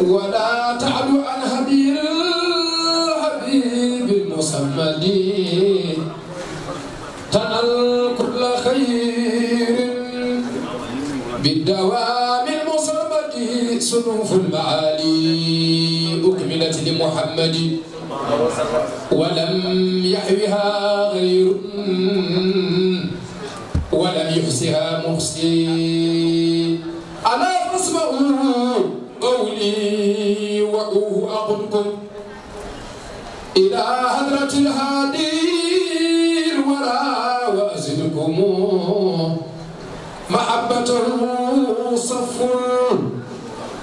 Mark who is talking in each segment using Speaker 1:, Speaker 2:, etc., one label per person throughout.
Speaker 1: ولا تعد عن هدي الحبيب المسمد تنل كل خير بالدوام المصمد سنوف المعالي أكملت لمحمد ولم يحوها غير ولم يحصها محسن وأوه أقمكم إلى هدرة الهادي الورى وأزلكم محبة صف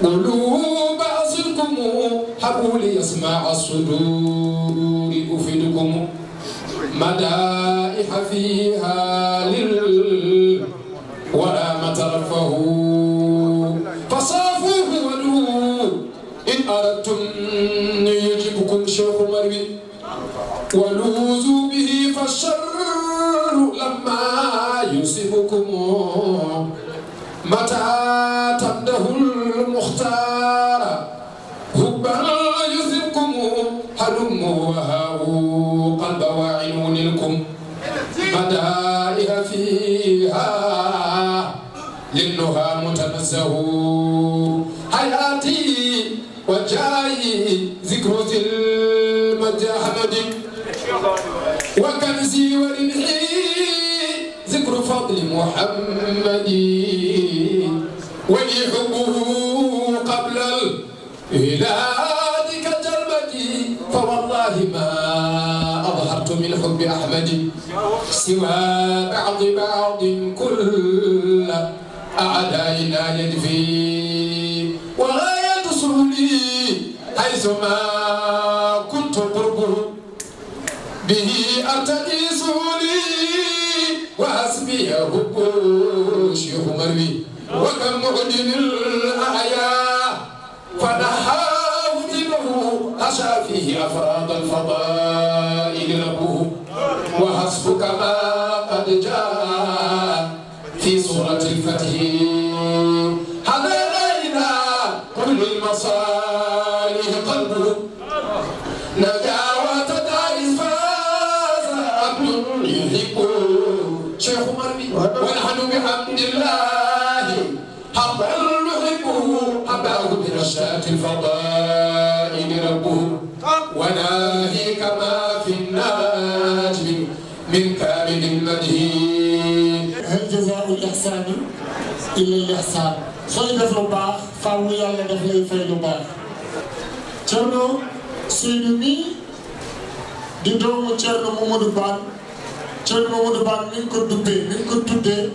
Speaker 1: قلوب أصلكم حبوا ليسمع الصدور أفدكم مدائح فيها لل ولا مترفه الشوق مروي ولوز به فالشر لما يصيبكم متى تبده المختار هبا يصيبكم هلم وهاو قلب واعن لكم بدأ محمد ولحبه قبل الهادك كجربتي فوالله ما أظهرت من حب أحمد سوى بعض بعض كل أعدائنا يدفي وغاية سهولي حيثما كنت قربه به أرتدي سهولي وحسبي حب شيخ مروي وكم مؤذن الأعياء
Speaker 2: فنحى
Speaker 1: وجبه أشى فيه أفراد الفضائل ربه وحسبك ما شيخ مرمي ونحن بحمد الله حقا نحبه حباه برشات الفضائل ربه وناهيك ما
Speaker 2: في الناجم من كامل المدين هل جزاء الإحسان إلا الإحسان sooy def lu baax faaw yàlla def lay fay lu baax Thierno Seydou mi di doomu Thierno Mamadou Bane Thierno Mamadou Ba ni ñu ko dubbee ni ñu ko tuddee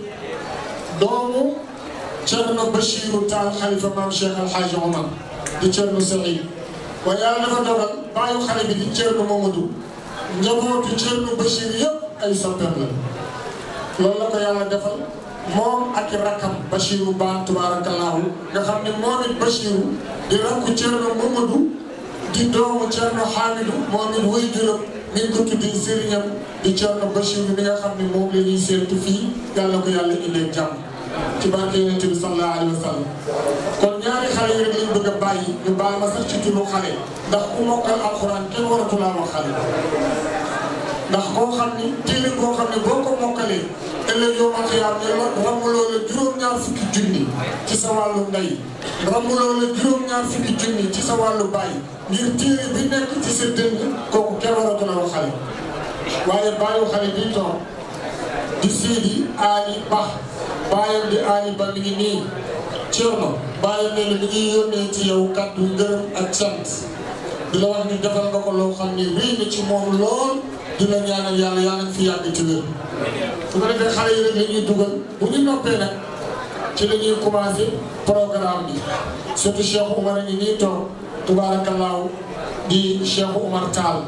Speaker 2: doomu Thierno Bachirou Tall xalifa maam Cheikh Al Hadj Omar di Thierno Saïd waaye yàlla dafa dogal bàyyi xale bi di Thierno Mamadou njabootu Thierno Bachir yëpp ay soppeem la loolu la ko yàlla defal moom ak rakkam Bachirou Ba tabaarakallaahu nga xam ne moom it Bachirou di rakku Thierno Mamadou di doomu Thierno Hamidou moom it wuy juróom. ni ko tuddee sëriñam di Thierno Bachir mi nga xam ne moom la ñuy seetu fii yàlla ko yàlla indee jàmm kon ñaari xale yi rek lañ bëgg a bàyyi ñu baal ma sax ci turu xale ndax ku mokkal alxuraan kenn waratu laa xale ndax koo xam ni téere koo xam ne boo ko mokkalee ëllëg yow ak yaa ngi romb loola juróom-ñaar fukki junni ci sa wàllu ndey romb loola juróom-ñaar fukki junni ci sa wàllu baay ngir téere bi nekk ci sa dënn jabaratuloo xale waaye bàyyi xale bi toog di siidi aani bax bàyyam di aani ba mi ngi nii Thierno bàyyam ne la mi ngi yónnee ci yow kàddu ngërëm ak cant di la wax ni defal nga ko loo xam ni wéy ci moom lool dina ñaanal yàlla yàlla fi yàgg ci wér su ko defee xale yi rek la ñuy dugal bu ñu noppee nag ci la ñuy programme bi surtout Cheikh Oumar a ngi nii toog tubaarakallaahu di Cheikh Oumar Tall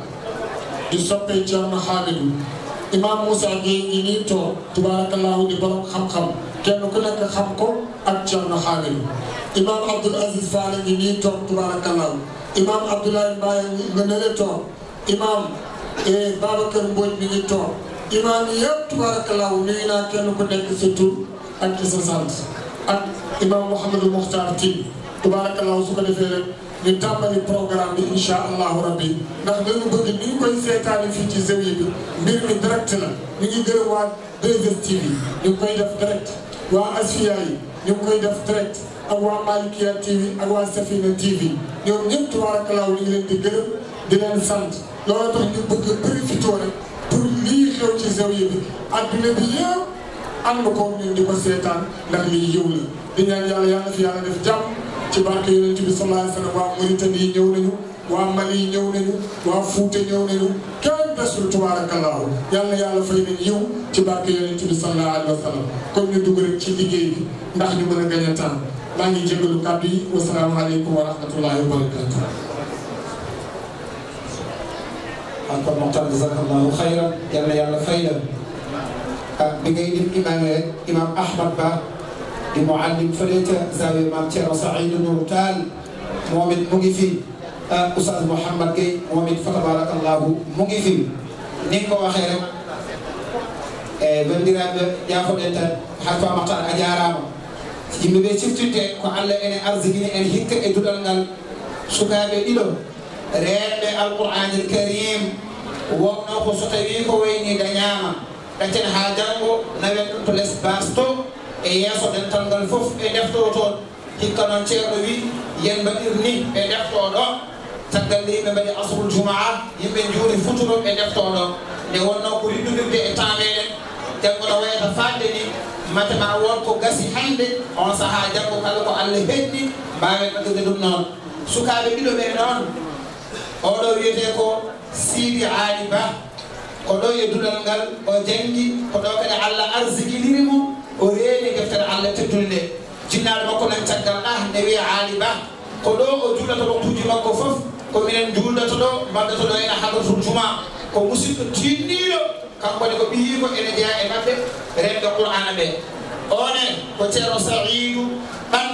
Speaker 2: di soppee Thierno Hamidou Imam Moussa Gueye ñi ñuy toog tubaarakallaahu di borom xam-xam ku nekk xam ko ak Thierno Hamidou Imam Abdoul Aziz Fall ñi ñuy toog tubaarakallaahu Imam Abdoulaye Mbaye nga ne la toog Imam eh, Babacar Mbodj mi ngi toog Imam kenn ku nekk sa tur ak ci sa sant Imam Mouhamadou Mokhtar Tine tubaarakallaahu su ko defee rek. ñu tàmbali programme bi incha allahu rabbi ndax dañu ni koy seetaani fii ci zawiya bi mbir mi direct la ñu ngi gërëmaat 2STV ñu ngi koy def direct waa Asfiya yi ñu ngi koy def direct ak waa Malikia TV ak waa Safina TV ñoom ñëpp tabaarakalaaw ñu ngi leen di gërëm di leen sant loolu tax ñu bëgg profité rek pour lii xew ci zawiya bi adduna bi yëpp ànd ko ñun di ko seetaan ndax lii yëw la di ñaan yàlla yàlla fi yàlla ci barke yonent bi sallallahu alayhi wa sallam waa Mauritanie ñëw nañu waa Mali ñëw nañu waa Fuuta ñëw nañu kenn desul tubaarakallaahu yal na yàlla fay nañ yiw ci barke yonent bi sallallahu alayhi wa sallam comme ñu dugg rek ci liggéey bi ndax ñu mën a gañ a tànn maa ngi jégalu kàddu yi wasalaamaaleykum wa rahmatullahi wa barakatu encore Mokhtar jazakallahu xayran yal na
Speaker 3: yàlla fay la ak bi ngay lim imaam rek imaam Ahmad Ba المعلم فريتا زاوية مارتي رصعيد نورتال مؤمن مقفي آه، أستاذ محمد كي مؤمن فتبارك الله مقفي نيكو وخير آه، بندرا بياخد انت حرفا مقال اجارام يمي بي شفتوتي كو على اني ارزقني ان هيك ادودال نال سوكابي ديلو ريب القران الكريم وقنا خصوصي ويني دنياما لكن هاجرو نبي تلس باستو e yeeso ɗen tan ngal fof ɓe defto toon hikka noon ceeɗo wi yen mbaɗir ni ɓe defto ɗo taggal nde yimɓe mbaɗi asrul jumaa yimɓe juuɗe futuro ɓe defto ɗo nde wonno ko rindudirde e temps meɗen jangono wayata faɗde ni matema wonko gasi hande on saaha jango kala ko allah hetni mbawen ɗaɗude ɗum noon sukaɓe ɓiɗo ɓe noon oɗo wiyete ko siri ali ba ko ɗo e dunal ngal o jangi ko ɗo kadi allah arsigiliri mo Ah, o reeni deftere allah teddunde nde jinnaɗo makko nan caggal ɗa nde wiya aali ba ko ɗo o juulata waktuji makko fof ko minen juuldata ɗo mbaddata ɗo ene haɗatul juma ko musidɗo tinniɗo kankone ko ɓiyi ko ene jeeya e maɓɓe renɗo qur'ana ɓe one ko ceerno saidu ɓan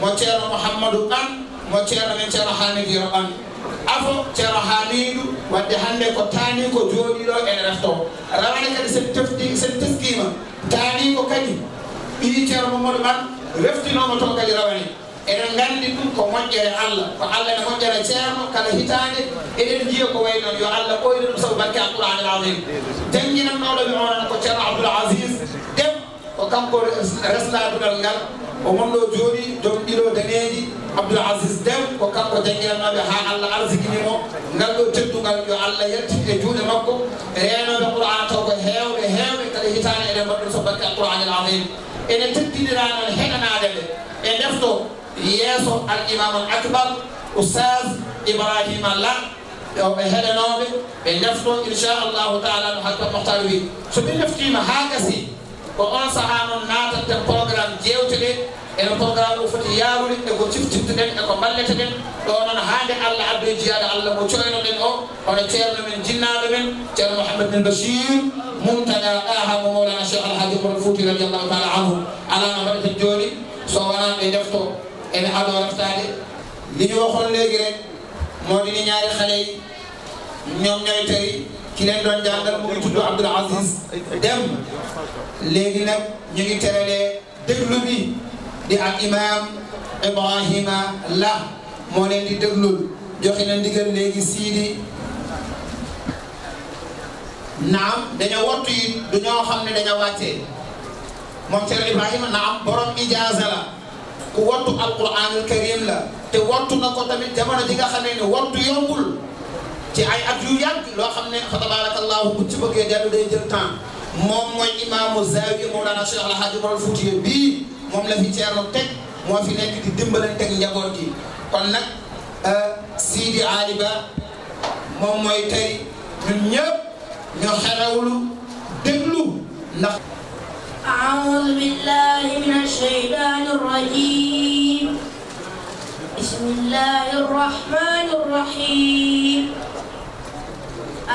Speaker 3: mo ceerno mouhammadou ɓan mo ceerno men afo ceero haamidu wadde hande ko taani ko jooɗiɗo ene refto rawane kadi sen tefti sen teskima taani ko kadi ɗi ceero momodo man reftinomo to kadi rawane eɗen gandi ɗum ko moƴƴere allah ko allah ene moƴƴere ceerno kala hitande eɗen jiya ko way noon yo allah ɓoyde ɗum saabu barke abdoulahani lazim jangginan mawɗo wi onon ko ceerno abdoul asis ɗem ko kanko resnadugal ngal o gonɗo jooɗi jom ɗiɗo daneeji abdoulasis dem ko kanko jangeenoɓe haa allah arsiginimo ngal ɗo teddungal yo allah yetti e juuɗe makko e reenoɓe qouran taw ko heewɓe heewɓe kadi hitaane eɗen mbaɗɗu so barke alqouranil adim ene teddiniranon heɗanaade ɓe e ndefto yeeso al imamul acbar ustage ibrahima lan e ɓe heɗanoɓe ɓe ndefto inchallahu taala no hatta mohtar wi so ɓe neftima haa gasi ko on sahaa noon naatatten programme jewteɗe ene programme o foti yaarude e ko ciftiftuɗen e ko balleteɗen ɗo noon haande allah abbe jiyaade allah mo coynoɗen o hono ceerno men jinnaaɗo men ceerno mohammed min bachir mumtana ɗaha mo mawlana cheikh alhadimol fouti radiallahu taala anhu alano mbaɗeten jooni so wonaa ɓe defto ene aɗo raftaade liyo hon leegi ren mowɗini ñaari xaley ñoom ñoy tari ki leen doon jàngal mu ngi tudd Aziz Dem léegi nag ñu ngi teralee déglu bi di ak imam Ibrahima la moo leen di déglul joxe na ndigal léegi siidi naam dañoo wattu yi du ñoo xam ne dañoo wàccee moom Thierno Ibrahima naam borom ijaaza la ku wattu alquranul karim la te wattu na ko tamit jamono ji xam ne ne wattu yombul ci ay at yu yàgg loo xam ne fa tabarakallahu bu ci bëggee dellu day jël temps moom mooy imaamu zawiya Mawlana Cheikh El Hadj Omar Foutiyou bii moom la fi ceerno teg moo fi nekk di dimbalante ak njaboot gi kon nag Sidi Ali Ba moom mooy tey ñun ñëpp ñu xerewlu
Speaker 4: déglu ndax أعوذ بالله من الشيطان الرجيم بسم الله الرحمن الرحيم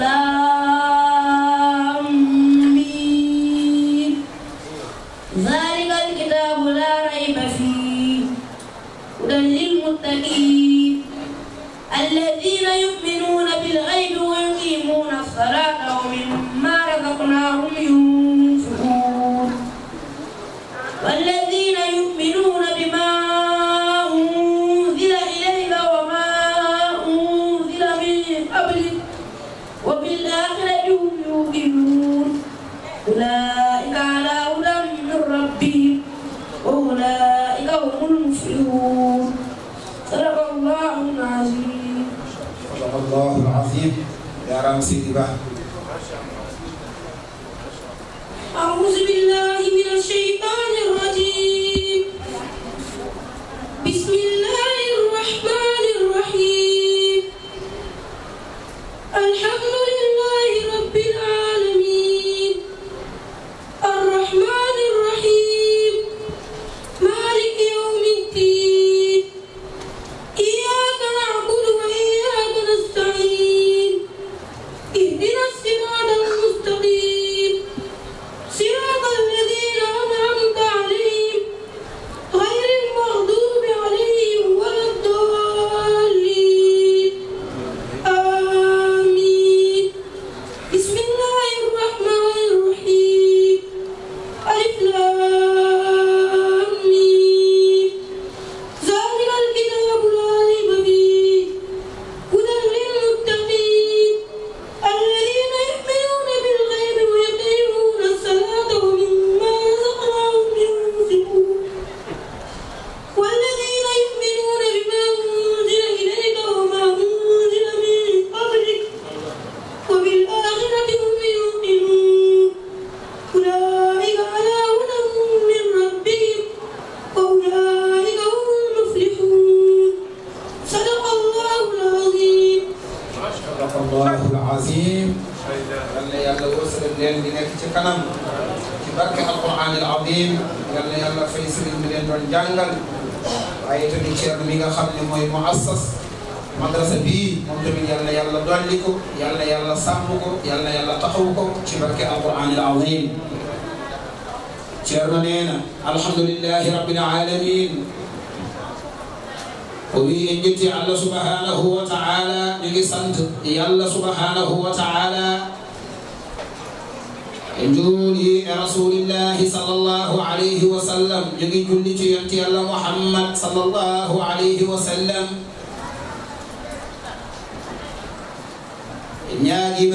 Speaker 4: love.
Speaker 3: para incentivar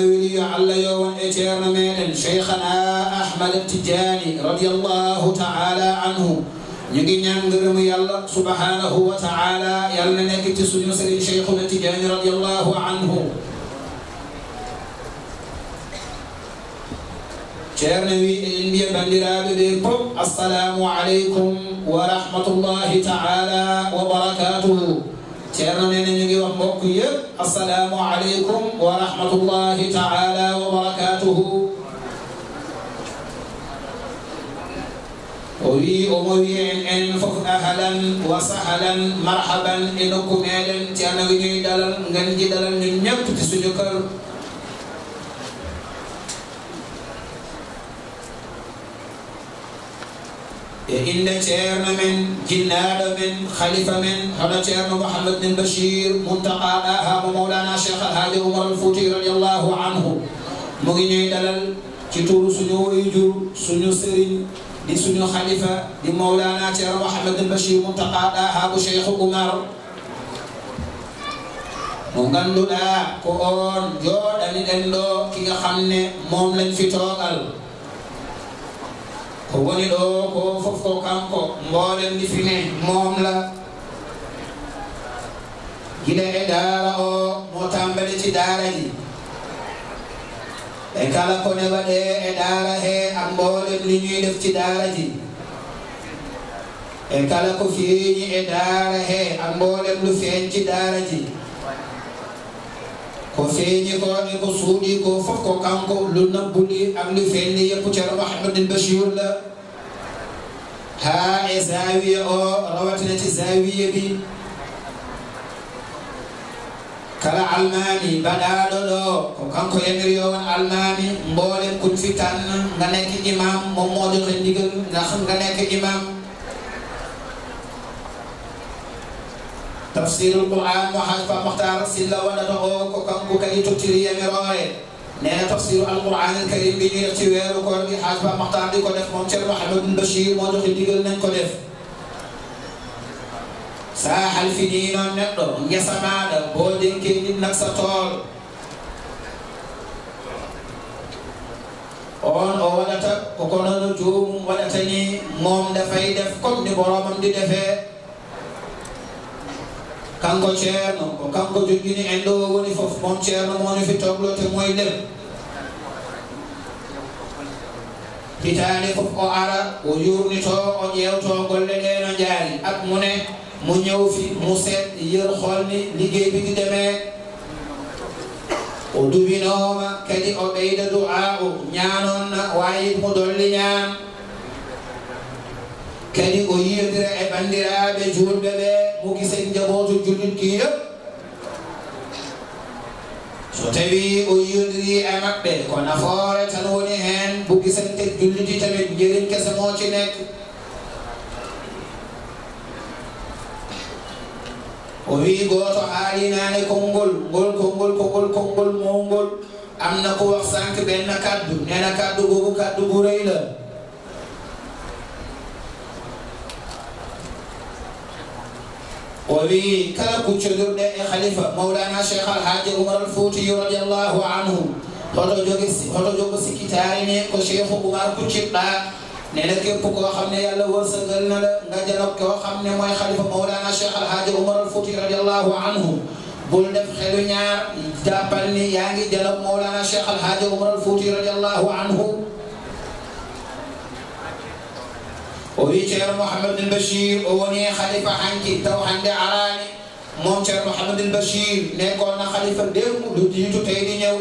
Speaker 3: ويلي على يوم اتيرنا من شيخنا احمد التجاني رضي الله تعالى عنه نيغي نانغرم يالله سبحانه وتعالى يالنا نيكي تسوني مسري شيخنا التجاني رضي الله عنه شيرنوي انبيا بندراب السلام عليكم ورحمه الله تعالى وبركاته السلام عليكم ورحمة الله تعالى وبركاته وي أموي إن فخ أهلا وسهلا مرحبا إنكم أهلا تيانا ويني دلال غنجي دلال نيب تسجكر e inde ceerno men jinnaɗo men khalifa men hono ceerno mouhamad bin bachir muntaqaɗa hamo mawlana cheikh alhaji oumar al fouti radiallahu anhu mu ngi ñuy dalal ci tuuru suñu woyjur suñu sëriñ di suñu khalifa di mawlana ceerno mouhamad bin bachir muntaqaɗa habo cheikh oumar mo ganduɗa ko on joɗani ɗen ɗo kiga xam ne moom lañ fi toogal ko woni ɗo ko fof ko kanko mboɗen ndi fine moom la gila e daara o mo tambede daara ji e kala kone waɗe e daara he an mboɗen ndi ñuy daara ji e kala ko feeñi e daara he an mboɗen ndu daara ji e e ko feeñi ko ni ko suuɗi ko fof ko kanko lu nabbuli ak lu feeñni yëpp ceerno Mouhamadul Bachir la haa e zaawiya o rawatina ci zaawiya bi kala almaami mbaɗaaɗo ɗo ko kanko yamiri yo won mboole kun fi tan nga nekk imam moom moo joxe ndigal ndax nga nekk imam تفسير القرآن وحذف مختار السلة ونده كم كي تكتري مراي نيا تفسير القرآن الكريم بين يرتوير وكور بي حذف مختار دي كنف ممتر محمد بن بشير موضوخ الدقل من كنف ساح الفنين النقر يسمان بودين كين ابن سطول on o wadata ko kono no joomum waɗatani mom da fay def comme ni boromam di defee kanko ceerno ko kanko jogini en ɗo woni fof on ceerno mowoni fi toglote moyɗen hitande fof o ara o yurnito o ƴewto golle ɗe no jaari ak mune mo ñawfi mo seet yer holni liggey bigi deme o duwinoma kadi o ɓeyda du'a o ñanonna wayit mo dolli ñaan kadi o yiyodira e banndiraaɓe juulɓe ɓe mukisen jagooto julɗitki so tawi o yiyodiri e maɓɓe ko nafoore tan woni heen bukisante julliti tawi njerin mooci nekk o wii gooto haalinaani konngol ngol konngol konngol konngol mawngol am na ko wax sànq benn kaddu nee na kaddu googu kaddu bu o wi kala kuccodurɗe e khalifa mawlana cheikh alhaji oumar alfouti radiallahu anhu hoto jogi hoto jogo sikkitarine ko cheikhu xam ne yàlla wërsëgal na la nga janoog koo xam ne mooy xalifa mawlana cheikh alhaji oumar xelu ñaar jàppal ni yaa ngi janoog mawlana cheikh alhaji oumar alfouti radiallahu anhu وريتير محمد البشير وني خليفة حنكي تو حنك عراني مونتير محمد البشير نيكون خليفة دير مدودي تتيني نيو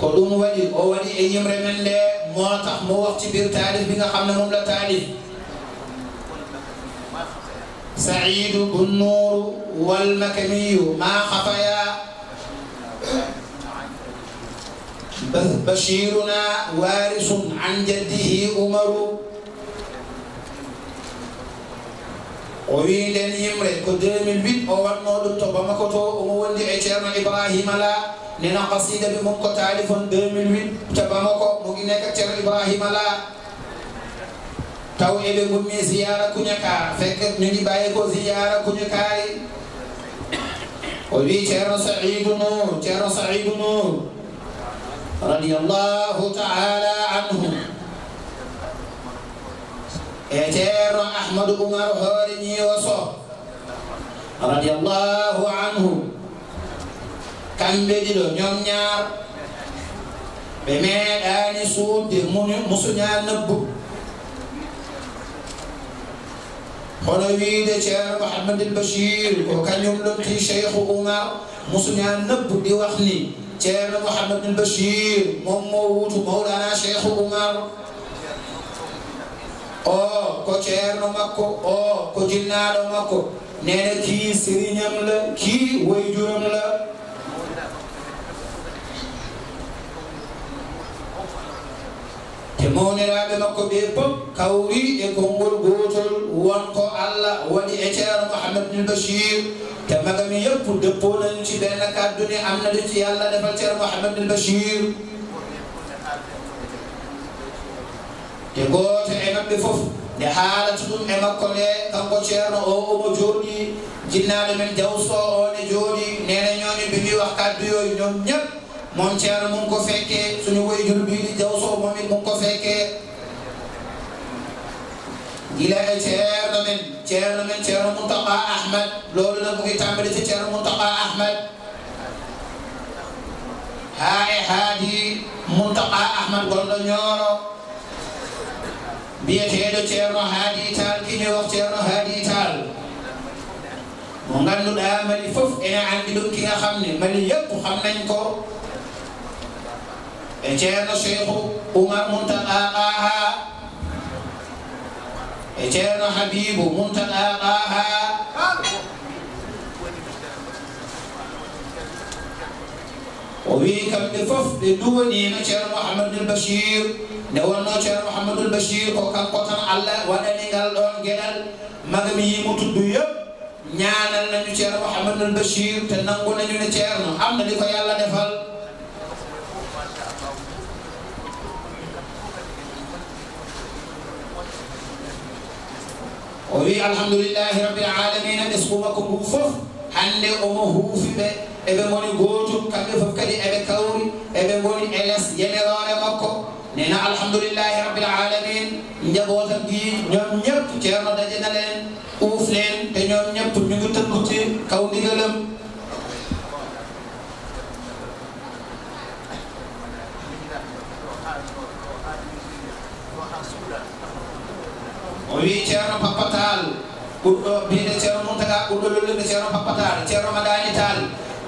Speaker 3: كلهم ولي وولي أي مرمن لا موتا موتا بير تاريخ بين خمنا مملا تاريخ سعيد بن نور والمكمي ما خفيا بشيرنا وارث عن جده عمر owinden yimre ko 2008 o watnoɗum to bamako to omo wondi e ceerno ibrahima la nena kasida ɓe mum ko taali fon 2008 to bamako mo guine ka ceerno ibrahima la taw eɓe gummi ziyara kuñakara fekk noni ɓaye ko ziyara kuñakari o wi ceerno saidu nour ceerno saidu nour رضي الله تعالى عنه اتير احمد عمر هارني يوسف رضي الله عنه كان بدل دو نيوم نيار بمي اني سود دي مون مسونيا نبو خلو وي دي تير محمد البشير وكان يوم لو شيخ عمر مسونيا نبو دي جاءنا محمد بن بشير مموت مولانا شيخ عمر او كو جاءنا مكو او كو جنانا مكو نانا كي سرينيام لا كي ويجورم لا تمونه راه مكو بيب كوري اي كونغول غوتول وانكو الله ودي اتيار محمد بن بشير te magam yëpp dëppoo nañu ci benn kàddu ne am na lu ci yàlla defal Cheikh Mouhamed El Bachir te gooto e maɓɓe fof nde haalata ɗum e makko nde kanko ceerno o omo jooɗi jinnaɗo men jawso o ne jooɗi nene ñooni ɓe mbi wax kadduyoy ñoom ñëpp moom ceerno mum ko fekke soni woye julbiɗi jawso momin mum ko fekke gila e ceerno men chairman chairman muntaka ahmed ahmad loolu nag ngi tambali ci chairman muntaka ahmed hay hadi muntaka ahmed gol do ñoro gonɗo ñooro do chairman hadi tal ki ñu wax chairman hadi tal mo ngal lu da mali fof ene andi do ki nga xamne mali yépp xam nañ ko e eh, chairman cheikhu umar muntaka aha e ceerno habibu mum tan aqaha o wi kamɓe fof ɓe duwanino ceerno mouhamadoul bachir nde wonno ceerno mouhamadoul bachir ko kanko tan allah waɗani ngal ɗon gueɗal maga mi yimo tuddu yeb ñaanal nañu ceerno mouhamadoul bachir te nangu nañu ne ceerno am na li ko yàlla defal
Speaker 2: وي الحمد لله رب العالمين اسكومكم
Speaker 3: فوف حل امه في به اي به موني غوتو كامي فوف كدي اي به كاوري اي به موني الاس جنرال مكو نينا الحمد لله رب العالمين نجابوتا بي نيوم نيب تيرنا داجي نالين اوف لين تي نيوم نيب نيغو تندو تي كاو ديغلم ceerno Papa Tall ɓurɗo mbiɗe euh, ceerno Mountaga ɓurɗo lollude ceerno Papa Tall ceerno Madani Tall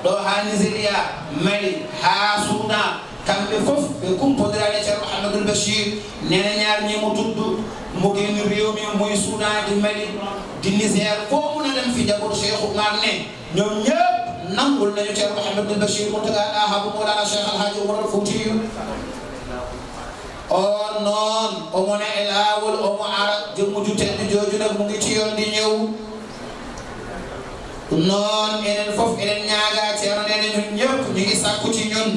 Speaker 3: ɗo ha nigéria mali ha soudan kamɓe fof ɓe kumpodiraɓe ceerno mouhamadoul bachir nene ñarni mo tuddu mo geni rewmi moye soudan di mali di nigér fo munaɗen fi jaɓoto cheikh oumar ne ñoom ñëpp nangol nañu ceerno mouhamadoul bachir moutaga ɗa habu molana cheikh alhaji oumar al foutiyu on noon omo ne e laawol omo ara jommo jutedde jooju nag mu ngi ci yoon di ñëw ɗum noon enen fof enen ñaaga ceerno nene ñun ñëpp ñu ngi sakku ci ñun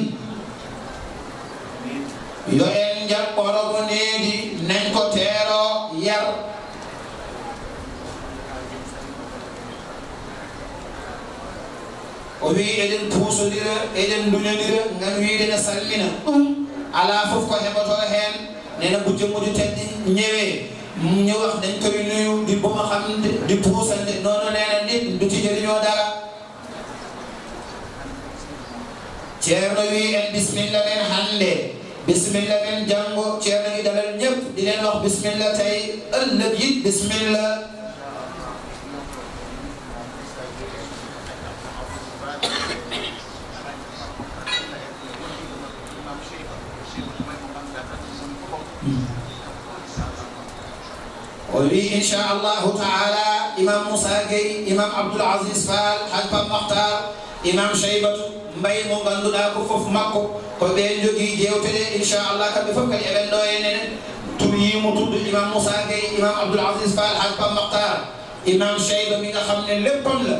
Speaker 3: yo en jaɓɓorogo needi nañ ko teero yar o wi eɗen puusodira eɗen duñodira ngam wiide ne salmina ɗum ala foofu ko heɓotoo heen nee na bu jëmmudu teddi ñu wax dañ koy di bu ma xam di puusante noonu nee nit du ci jëriñoo dara ceerno wi en bisimilla leen hannde bisimilla leen janngo ceerno yi dalal ñëpp di leen wax bisimilla tey ëllëg it bisimilla kon lii incha allahu taala imam Moussa imam Abdoul Aziz Fall haj Pam imam Cheybatu mbay mo ngannduɗa ko fof makko ko ɓen jogii jewteɗe inchallah kamɓe fof kadi eɓen ɗo enene turyimo tuddu imam moussa gueye imam abdoul asis fall haj pam maktar imam cheyba mi nga xam ne léppon la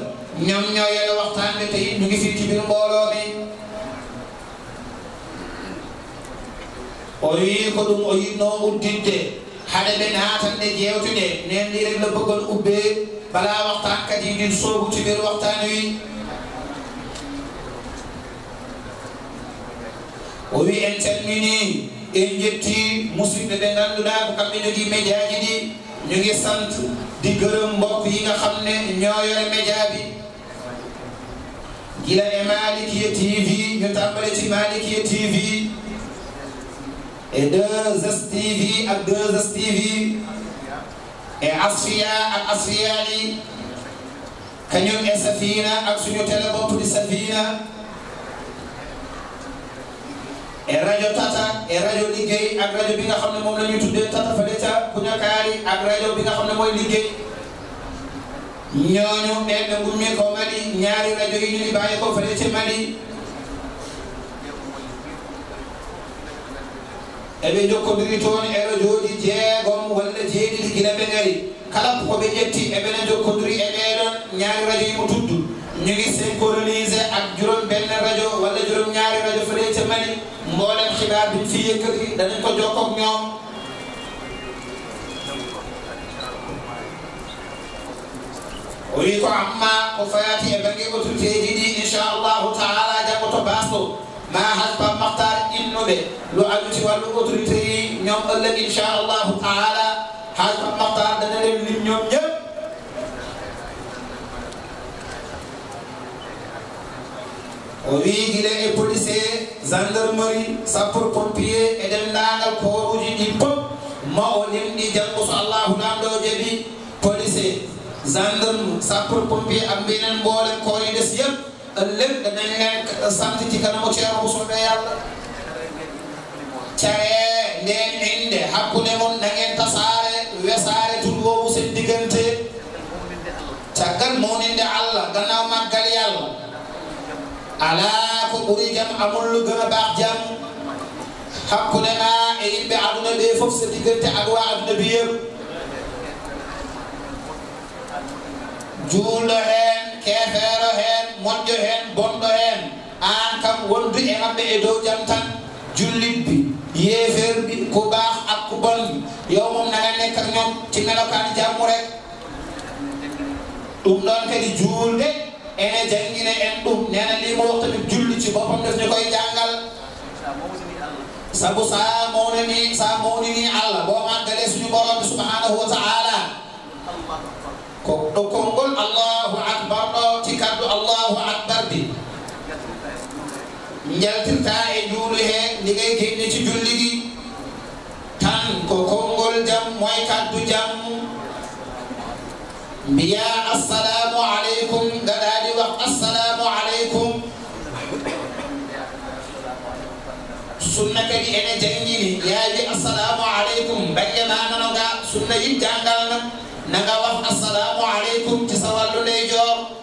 Speaker 3: ñoom ñoo yere waxtaanɓe te mi o wii ko ɗum o yitno xale bi naatan ne jeewtude neen lii rek la bëggoon ubbee balaa waxtaankat yi ñun soobu ci biir waxtaan wi o wi en calmini en jetti musidɓe ɓe ngannduɗaa ko kamɓe jogii médiaji ɗi ñu ngi sant di gërëm mbokk yi nga xam ne ñoo yore média bi gila e Malikia TV ñu tàmbale ci Malikia TV et 2STV ak 2STV et Asfiya ak Asfiya yi kañun e Safina ak suñu télé bopp di Safina e rajo Tata e rajo liggéey ak rajo bi nga xam ne moom la ñuy tuddee Tata fële ca Puñakaari ak rajo bi nga xam ne mooy liggéey ñooñu benn bu ñu ko Mali ñaari rajo yi ñu ngi bàyyi ko fële ca Mali. eɓe jokkodiri toon eɗo jooɗi jeegom walla jeeɗiɗi gila ɓe ngari kala ko ɓe ƴetti eɓene jokkodiri e ɓeɗon ñaari radio yimo tuddu ñogi synchronisé ak juróom benn radio walla juróom ñaari radio fo ɗee mali mboolem xibaar biñ fi yëkkati danañ ko jokkok ñoom o wi ko amma ko fayati e bange autorité ji ɗi inchallahu taala jaggoto basto ma hal pam maktar innuɓe lo aluti wallu autorité yi ñoom ëllëg inchallahu taala hal pam maktar dana leen nit ñoom ñëpp
Speaker 2: o wiigile e policier
Speaker 3: gendarmerie sappor pompier e den ndangal koruji ɗi pop ma o nimɗi jalɓo so allahu namɗo jaɓi policier gendarme sappor pompier ambinen mboolen koyides yëpp ëllëg danañ leen sant ci kanamu Ceerno bu soobee yàlla caree leen inde hakku ne moon na ngeen tasaare wesaare tur boobu seen diggante caggal moo ninde Allah gannaaw màggal yàlla alaa ko ɓuri jam amul lu gën a baax jam hakku ne e yimɓe aduna ɓe fof seen diggante ak waa aduna bi yëpp kam wondu e jantan e dow jam tan jullit bi yeefeer bi ku baax ak ku bon yow moom na nga ak ci rek ene jangina en ɗum nena limo tamit julli ci boppam def ñu koy sabu saa mawnani saa mawnani allah boo màggale suñu borom bi subhanahu wa taala ko ɗo konngol allahu akbar ɗo ci kaddu allahu akbar jaltirta e njuulu he ndi ngay kenne ci julli gi tan ko konngol jam moy kaddu jam mbiya assalamu aleykum gaɗaɗi wax assalamu aleykum sunna kadi ene jangini yaawi assalamu aleykum bange mananoga sunna yim jangal nam wax assalamu aleykum ci sawallu ndey joor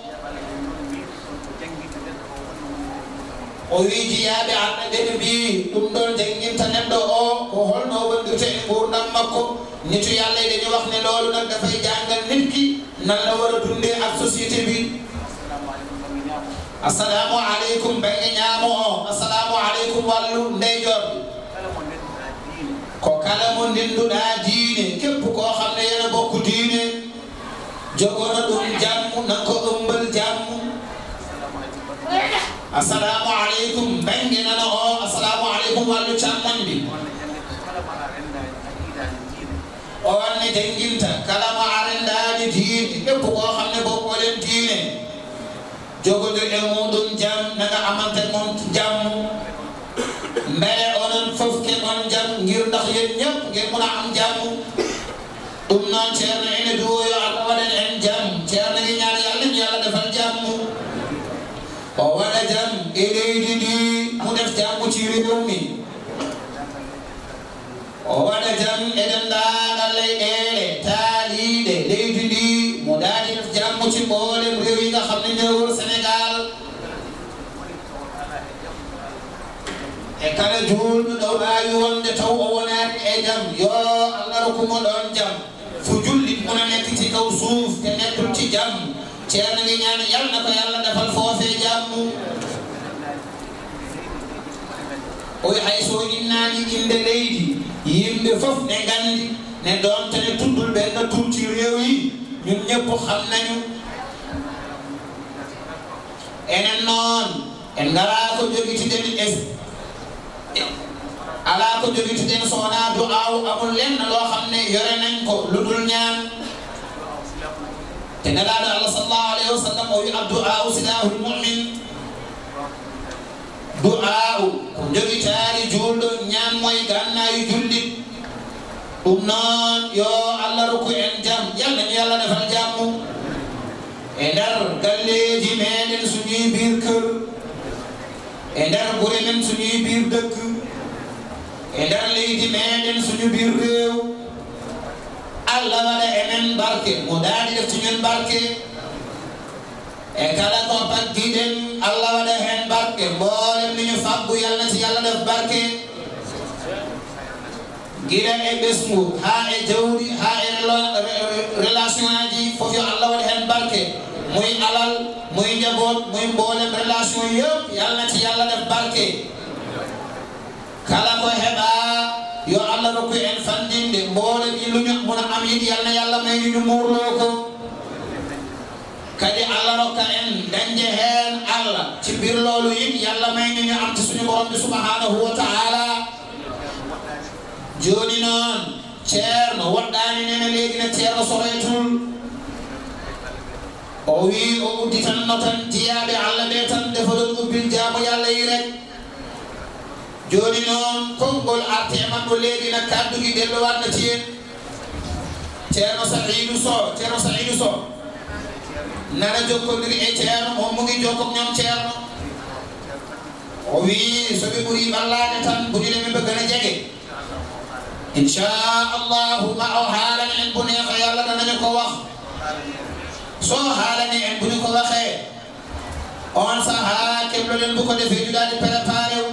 Speaker 3: o wiiji yaaɓe arɗa nde ɓe mbi ɗum ɗon jannginta neɗɗo o ko holno wondirte e gurdam makko nitu yo allah eɗeni wakne loolu nan dafay jangal nitki nanɗo wara dunde ar société bi
Speaker 2: assalamu aleykum bange ñaamo o assalamu
Speaker 3: aleykum wallu ndeyjorɓe ko kala mo ndenduɗa diine keppu ko xam ne yene bokku diine jogono ɗum jammu nanko
Speaker 2: assalamu aleykum bangguinana o assalamu aleykum wallu caggal ndi onne oh, jangguinta kala mo arendaani diine
Speaker 3: ɓeppu ko xam ne boobu oɗen diine jogodir e muɗum jam naga amante moom jam mbele onon fof ke on jam ngir ndax yen ñëpp ngir mun a am jam ɗum noon ceerno ene duwoyo allah waɗen en jam ceerno gi wala jam eleydi ndi mu def jàmm ci réew mi wala jam eɗen ndaanal e ɗeele taaliiɗe leydi ndi mo daadi def jàmm ci mboolem réew yi nga xam de ñoo wër Sénégal e kala juulɗo ɗo waawi wonde taw o yo Allah rokkumo ɗon jam fujul jullit muna nekk ci koye hay so innaani innde leydi yimɓe fof ne nganndi ne doontane tuddul ɓen no turti reew yi ñun ñëpp xam nañu enen noon en ngaraa ko jogitiɗen es alaa ko jogitiɗen so wonaa du'aawu amul lenn loo xam ne yore ko lu dul ñaan te nelaaɗo allah sallallahu alayhi wa sallam o wi addu'aawu mumin du'a'u ko jogi taari juulɗo ñammoye gannayi jullit ɗum noon yo allah ruku en jam yalla mi allah defal jammu e nder galleji meɗen so ñibir kër e nder gure men so ñibir dëkk e nder leydi meɗen rew allah waɗa emen barke mo di deftuñen barke
Speaker 2: e kala ko
Speaker 3: battiɗen allah waɗa hen barke mboolem li ñu fàggu yàlla na ci yàlla def barke gila e ɓesngu ha e jawdi ha e relation aji fof yo allah waɗi hen barke muy alal muy njaboot muy mboolem relation yëpp yàlla na ci yàlla def barke kala ko heɓa yo allah rokku en fandinde mboolem yi lu ñu mun a am yit yàlla na yàlla may ñu ñu muurloo ko kadi allah rokka en dañde heen allah ci birloolu yin yalla may ñu ñu am ci suñu borom bi subhanahu wa taala jooni noon
Speaker 2: ceer no woɗɗaani
Speaker 3: nene léegi ne ceer no soroytul o wii o udditan no tan jiyaaɓe allah ɓee tan defa ɗon ubbil jaamo yalla yi rek jooni noon konngol artee maɓɓo léegi ne kaddugi ɓelɗo waɗna ci en ceer no sahidu so ceer no sahidu so nana jokkonndiri e ceerno on mo ngi jokkok ñoom ceerno o wii so ɓe ɓurii ɓallaade tan ɓuride men ɓe gana jege inchallahu ma o haalani en boneeko yo allah nanani ko wax so haalani en boni ko waxee on sahaa keblolen mbu ko defe juɗaade préparé u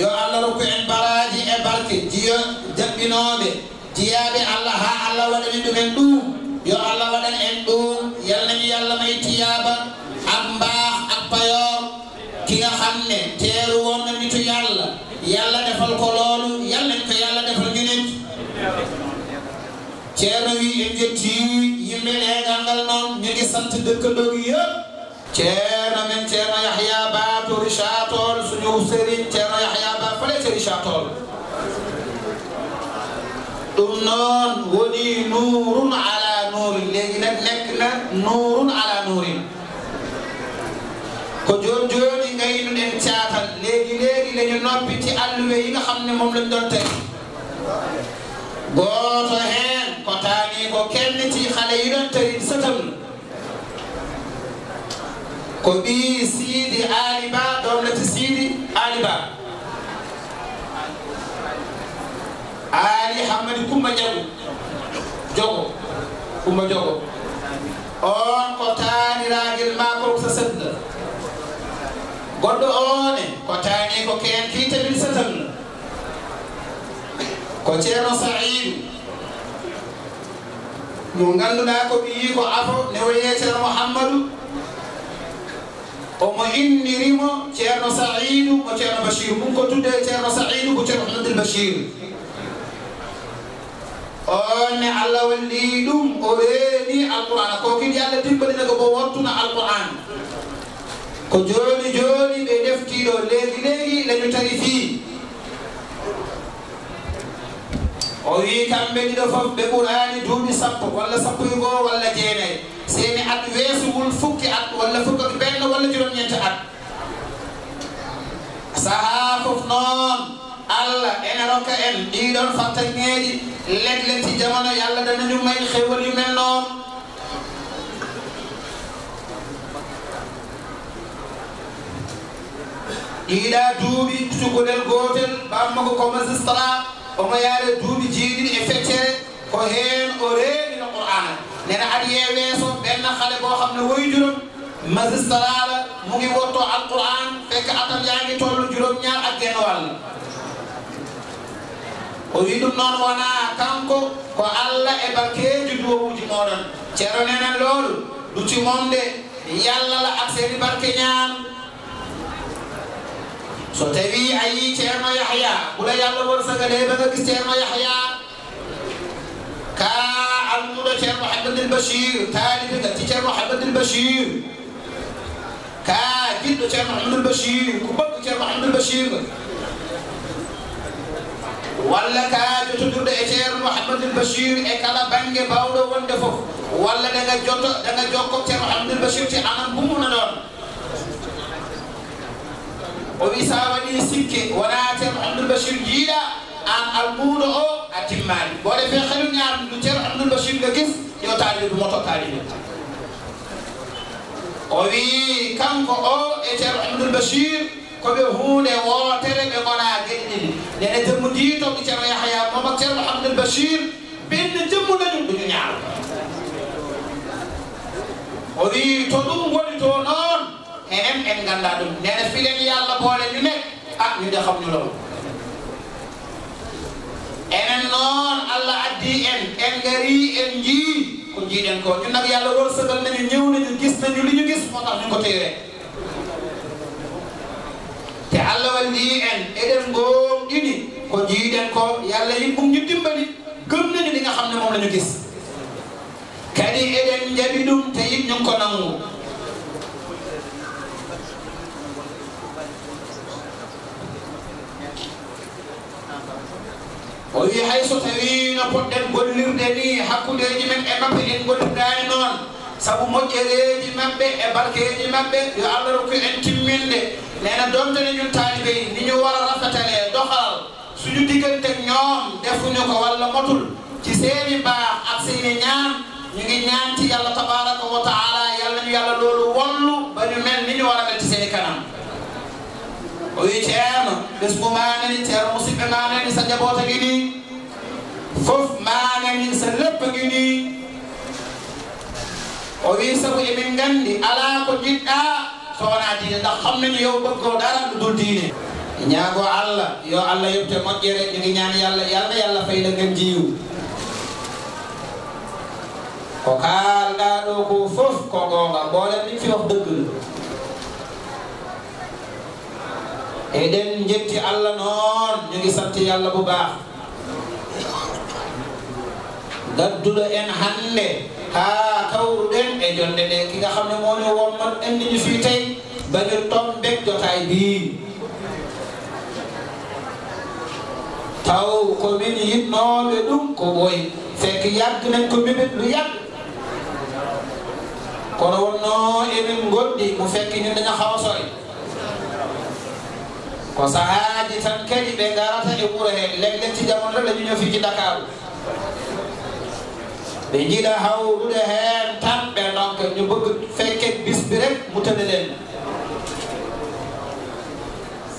Speaker 3: yo allah rokku en baraaji e barke jiyo jaɓɓinooɓe jiyaɓe allah ha allah waɗani ɗum en yo allah waɗan en ɗum yalnami yallah may tiyaba amba appayo kiga teeru wonno nitu yallah yallah defal ko loolu yalnan ko defal ñunen ceerno wi en jetti yimɓe ɗegal ngal noon ñu ngi sant dëkkandoogi yëpp ceerno men ceerno yahya ba to richatol suñu sëriñ ceerno yahya ba fale to richatol النار ولي نور على نور لك نور على نور كجور جوني غين انتاخ لي لي لي نوبي تي الوي ييغا خامني موم لا دون تاي غوتو هين كوتاني كو كين تي خالي يدون تاي ستام كو بي سيدي علي با دوله سيدي علي با ali hammadi kumba jagu jogo kumba jogo on ko taaniragel makoro sa sedda goɗɗo one ko taani ko ken kiitamin satan ko ceerno saidu mo ganduɗa ko ɓiyi ko afo ne woye ceerno mouhammadou omo innirimo ceerno saidu ko ceerno bachir mum ko tudde ceerno saidu ko ceerno hamadoul bachir on allah walli ɗum o weeni alqur'ana ko kadi allah timbaɗina ko mo wontuna alqur'an ko jooni jooni ɓe deftiɗo leegi leegi leñu tari fii o wii kamɓe ɗiɗo fof ɓe ɓurani duuɓi sappo walla sappo e goo walla jeenayi seeni at weesu ngol fukki at walla fukka ɓenno walla juroñente at sahaa fof noon allah ene rokka en ɗiɗon fattaŋeji legle ti jamono yalla danañu may xewal yu mel noon ɗiɗa duuɓi cukalel gotel bamma ko ko magistrat omo e heen o reeɗino qur'ana nena aɗa yeweeso ɓenna hale goo xam ne woyjurom magistrat la mu ngi wotto alqur'an fekk atam yaa ngi tollu juróom ñaar ak genn wàll o wi ɗum noon wona kanko ko allah e bakeji duwowuji moɗon ceerno nenen loolu duti momde yalla la ak seeni barke ñaan so tawi a yi ceerno yahya ɓura yalla worsagale ɓe nga gis ceerno yahya ka almuɗo ceerno hamadil bachir taaliɓe gatti ceerno hamadil bachir ka jiɗɗo ceerno hamadil bachir ko bakko ceerno hamadil bachir ولكا تتدرد اتير محمد البشير اكلا بانج باودو وندفو ولا دنگا جوتو دنگا جوكو تي محمد البشير تي انا بومونا دون وفي ساواني سكي ولا تي محمد البشير جيلا ان البودو او اتمال بول في خلو نيار دو تي محمد البشير دا گيس يو تاري دو موتو تاري وفي كانكو او اتير محمد البشير koɓe hunde wootere ɓe gona gueɗe ɗiɗi nene jemmu ndiitoɓe ceerno yahaya mamadou ceerno hamdoul bachir ɓenne jemmuɗa ɗum ɗuñu ñaalo o wi to ɗum woni to noon enen en ganda ɗum nene filen yo allah boole ñune a ah, ñude xam ñuloo enen noon allah addi en en gari en jii ko jiiɗen ko ñun nag yallah wërsëgal nañu ñëw nañu gis nañu li ñu gis moo tax ñu ko téere allah walli en eɗen gonɗini ko jiiɗen ko yo allah yim ɗum ñu dimbali gëmnani li nga xam ne moom lañu gis kadi eɗen jaɓi ɗum ñun ko nangu o wi hayso tawi no poɗɗen gollirde ni hakkudeji men e maɓɓe en gollirɗani noon saabu moƴƴereji maɓɓe e barkeji maɓɓe yo allah rokku en timminde neena donte ne ñun talibé ni ñu wara rafetalé doxal suñu digënté ñoom defu ñuko wala matul ci seeni baax ak seeni ñaan ñu ngi ñaan ci yalla tabarak wa ta'ala yalla ñu yalla lolu wallu ba ñu mel ni ñu wara mel ci seeni kanam o yi ceerno bes bu maane ni ceerno musibe maane ni sa jabota gi ni fof maane ni sa lepp gi ni o sa sabu yemi ngandi ala ko jidda soonaa diine ndax xam nañu yow bëggoo dara lu dul diine ñaagoo allah yoo allah yëpp te moƴƴere ñu ngi ñaan yàlla yàlla yàlla fay la ngeen jiiw ko kaalngaa ɗo fof ko goonga mboolen min fi wax dëgg la eɗen njetti allah noon ñu ngi sant yàlla bu baax gadduɗo en hannde haa tawruɗen e jonde nde ki nga xam ne moo ne wommat indi ñu fii tey ba ñu tombeeg jotaay bii taw ko min yitnooɓe ɗum ko ɓoyi fekk yagg nañ ko mibit lu yagg kono wonno emin goɗɗi mo fekk ñun daño xawa sore ko sahaaji tan kadi ɓe ngarata e wuro he leg leg ci jamono la ñu fii ci dakaru dañ jiiɗa hawrude heen tan ɓe donc ñu bëgg fekke bis bi rek mu tëdde leen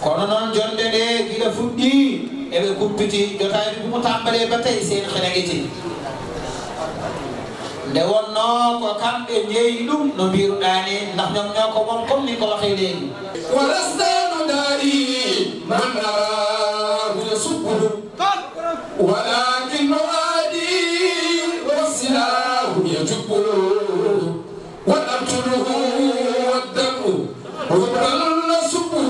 Speaker 3: kono noon jonde nde gila fuɗɗi eɓe guppiti jotaaji ɗumo tambale ba tey seen xenegiti nde wonno ko kamɓe ñeeyi ɗum no mbiruɗani ndax ñom ñoo ko moom comme ni ko waxe leegi
Speaker 1: walastanu daari man arahu yasubbuhu wala قوله والدم وبل سبه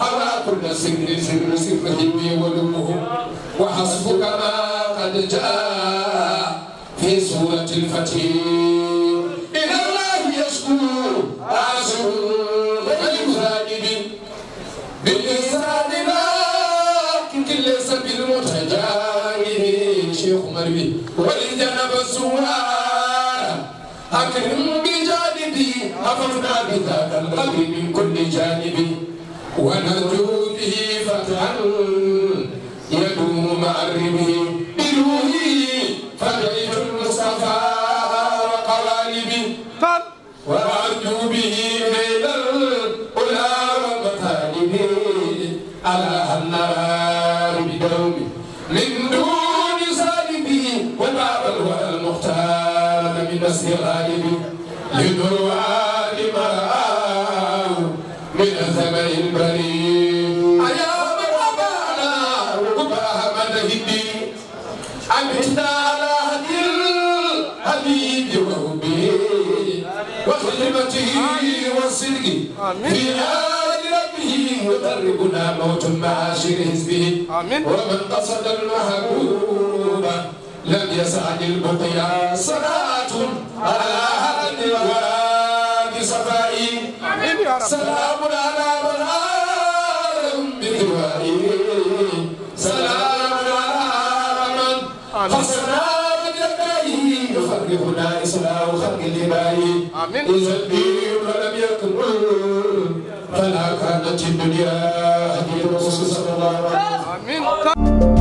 Speaker 1: على كل سر سر سره بي ولمه وحسبك ما قد جاء في سورة الفتيح ولجنب الزوار أكرم بي حفظنا بذاك الغد من كل جانب ونرجو به فتحا يدوم مع الرمه بروحه فدعيت المصطفى وقوالبي وارجو به بين الأولى ألا هل النار بدومي من دون سالبه وباب المختار من الصغار آمين في موت معاشر حزبه آمين ومن قصد المحبوب لم يسعد البقيا صلاة على هدي الورى صفائي آمين يا رب سلام بهنا إصلاح خلق لباري إذا الدين لم يكن فلا كانت الدنيا أدين الرسول صلى الله عليه وسلم